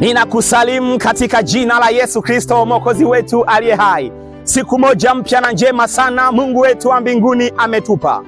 Ninakusalimu katika jina la Yesu Kristo mwokozi wetu aliye hai. Siku moja mpya na njema sana Mungu wetu wa mbinguni ametupa.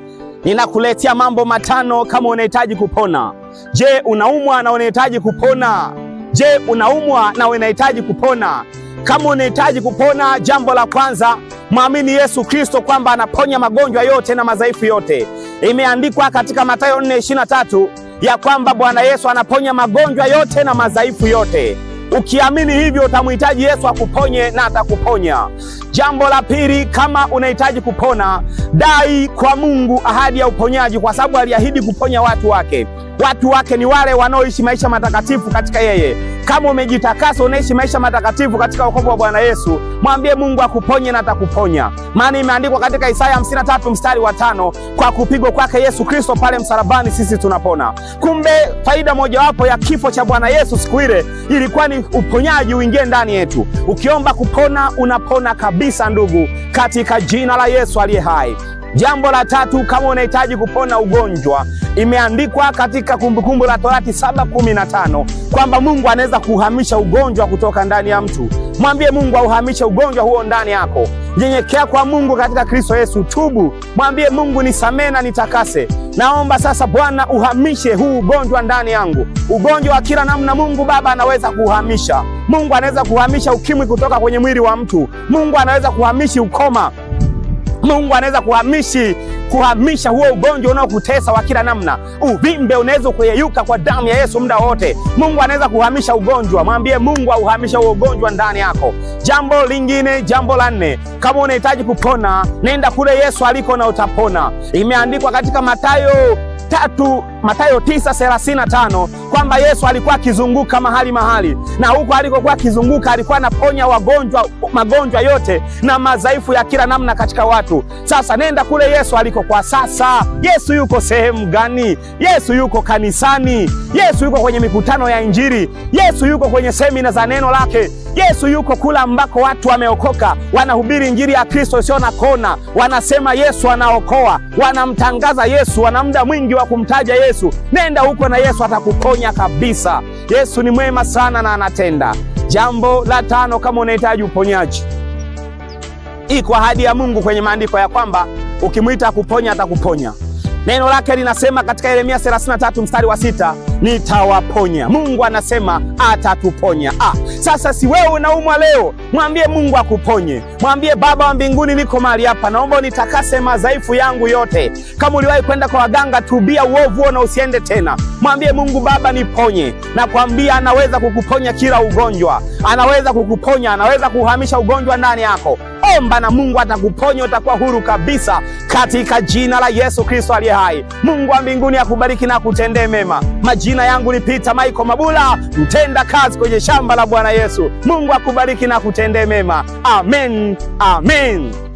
Ninakuletea mambo matano kama unahitaji kupona. Je, unaumwa na unahitaji kupona? Je, unaumwa na unahitaji kupona? Kama unahitaji kupona, jambo la kwanza, mwamini Yesu Kristo kwamba anaponya magonjwa yote na madhaifu yote. Imeandikwa katika Mathayo 4:23 ya kwamba Bwana Yesu anaponya magonjwa yote na madhaifu yote. Ukiamini hivyo utamhitaji Yesu akuponye na atakuponya. Jambo la pili, kama unahitaji kupona, dai kwa Mungu ahadi ya uponyaji, kwa sababu aliahidi kuponya watu wake. Watu wake ni wale wanaoishi maisha matakatifu katika yeye. Kama umejitakasa unaishi maisha matakatifu katika wokovu wa Bwana Yesu, mwambie Mungu akuponye na atakuponya, maana imeandikwa katika Isaya 53 mstari wa tano, kwa kupigwa kwake Yesu Kristo pale msalabani sisi tunapona. Kumbe Faida mojawapo ya kifo cha Bwana Yesu siku ile ilikuwa ni uponyaji uingie ndani yetu. Ukiomba kupona unapona kabisa, ndugu, katika jina la Yesu aliye hai. Jambo la tatu, kama unahitaji kupona ugonjwa, imeandikwa katika Kumbukumbu la Torati saba kumi na tano kwamba Mungu anaweza kuhamisha ugonjwa kutoka ndani ya mtu. Mwambie Mungu auhamishe ugonjwa huo ndani yako. Nyenyekea kwa Mungu katika Kristo Yesu, tubu, mwambie Mungu nisamee na nitakase. Naomba sasa Bwana uhamishe huu ugonjwa ndani yangu, ugonjwa wa kila namna. Mungu Baba anaweza kuhamisha, Mungu anaweza kuhamisha ukimwi kutoka kwenye mwili wa mtu, Mungu anaweza kuhamishi ukoma, Mungu anaweza kuhamishi kuhamisha huo ugonjwa unaokutesa wa kila namna. Uvimbe unaweza kuyeyuka kwa damu ya Yesu muda wote. Mungu anaweza kuhamisha ugonjwa. Mwambie Mungu auhamisha huo ugonjwa ndani yako. Jambo lingine, jambo la nne, kama unahitaji kupona, nenda kule Yesu aliko na utapona. Imeandikwa katika Mathayo tatu Mathayo 9:35 kwamba Yesu alikuwa akizunguka mahali mahali, na huko alikokuwa akizunguka alikuwa anaponya wagonjwa magonjwa yote na madhaifu ya kila namna katika watu. Sasa nenda kule Yesu aliko kwa sasa. Yesu yuko sehemu gani? Yesu yuko kanisani. Yesu yuko kwenye mikutano ya Injili. Yesu yuko kwenye semina za neno lake. Yesu yuko kula ambako watu wameokoka, wanahubiri injili ya Kristo sio na kona, wanasema Yesu anaokoa, wanamtangaza Yesu, wana muda mwingi wa kumtaja Yesu. Nenda huko na Yesu atakuponya kabisa. Yesu ni mwema sana na anatenda. Jambo la tano, kama unahitaji uponyaji, iko ahadi ya Mungu kwenye maandiko ya kwamba ukimwita akuponya atakuponya. Neno lake linasema katika Yeremia 33 mstari wa sita, nitawaponya. Mungu anasema atatuponya. Ah, sasa si wewe unaumwa leo, mwambie Mungu akuponye. Mwambie Baba wa mbinguni, niko mahali hapa, naomba unitakase madhaifu yangu yote. Kama uliwahi kwenda kwa waganga, tubia uovu ona na usiende tena. Mwambie Mungu, Baba niponye. Nakwambia anaweza kukuponya kila ugonjwa, anaweza kukuponya, anaweza kuhamisha ugonjwa ndani yako omba na Mungu atakuponya, utakuwa huru kabisa katika jina la Yesu Kristo aliye hai. Mungu wa mbinguni akubariki na akutendee mema. Majina yangu ni Peter Michael Mabula, mtenda kazi kwenye shamba la Bwana Yesu. Mungu akubariki na akutendee mema. Amen, amen.